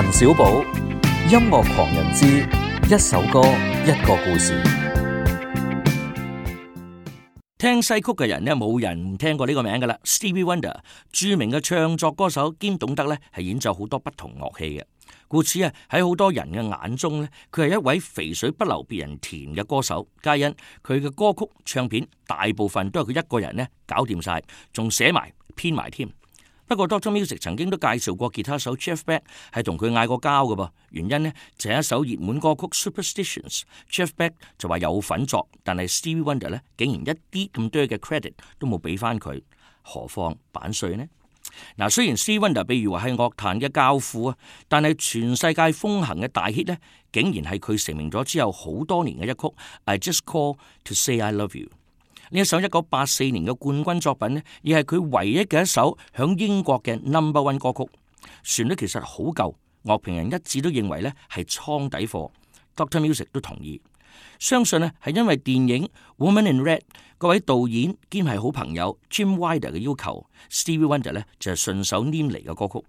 陳少寶，音樂狂人之一首歌一個故事。聽西曲嘅人咧，冇人聽過呢個名㗎喇。Stevie Wonder 著名嘅唱作歌手兼懂得呢係演奏好多不同樂器嘅，故此啊喺好多人嘅眼中呢佢係一位肥水不流別人田嘅歌手，皆因佢嘅歌曲唱片大部分都係佢一個人咧搞掂晒，仲寫埋編埋添。不過 Dr. Music 曾經都介紹過吉他手 Jeff Beck 係同佢嗌過交嘅噃，原因呢，就係一首熱門歌曲《Superstitions》，Jeff Beck 就話有份作，但係 Steve Wonder 咧竟然一啲咁多嘅 credit 都冇俾翻佢，何況版稅呢？嗱，雖然 Steve Wonder 被譽為係樂壇嘅教父啊，但係全世界風行嘅大 hit 呢，竟然係佢成名咗之後好多年嘅一曲《I Just Call To Say I Love You》。呢一首一九八四年嘅冠軍作品呢，亦係佢唯一嘅一首響英國嘅 Number One 歌曲。旋律其實好舊，樂評人一致都認為呢係倉底貨。Doctor Music 都同意，相信呢係因為電影《Woman in Red》各位導演兼係好朋友 Gene Wilder 嘅要求 ，Stevie Wonder 呢就係、是、順手拈嚟嘅歌曲。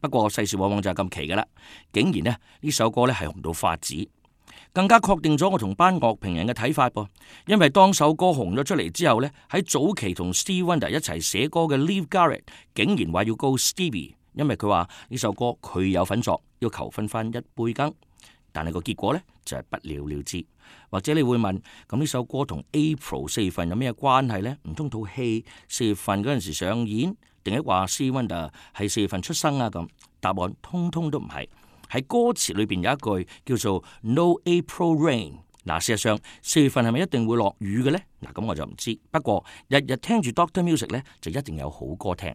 不過世事往往就係咁奇噶啦，竟然呢，呢首歌呢係紅到發紫。更加確定咗我同班樂評人嘅睇法噃，因為當首歌紅咗出嚟之後呢，喺早期同 Steve Wonder 一齊寫歌嘅 Leif Garrett 竟然話要告 Stevie，因為佢話呢首歌佢有份作，要求分翻一杯羹。但係個結果呢，就係不了了之。或者你會問，咁呢首歌同 April 四月份有咩關係呢？唔通套戲四月份嗰陣時上演，定係話 Steve Wonder 係四月份出生啊？咁答案通通都唔係。喺歌詞裏邊有一句叫做 No April Rain，嗱，事實上，四月份係咪一定會落雨嘅呢？嗱，咁我就唔知。不過日日聽住 Doctor Music 呢，就一定有好歌聽。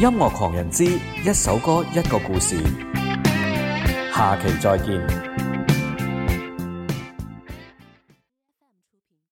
音樂狂人之一首歌一個故事，下期再見。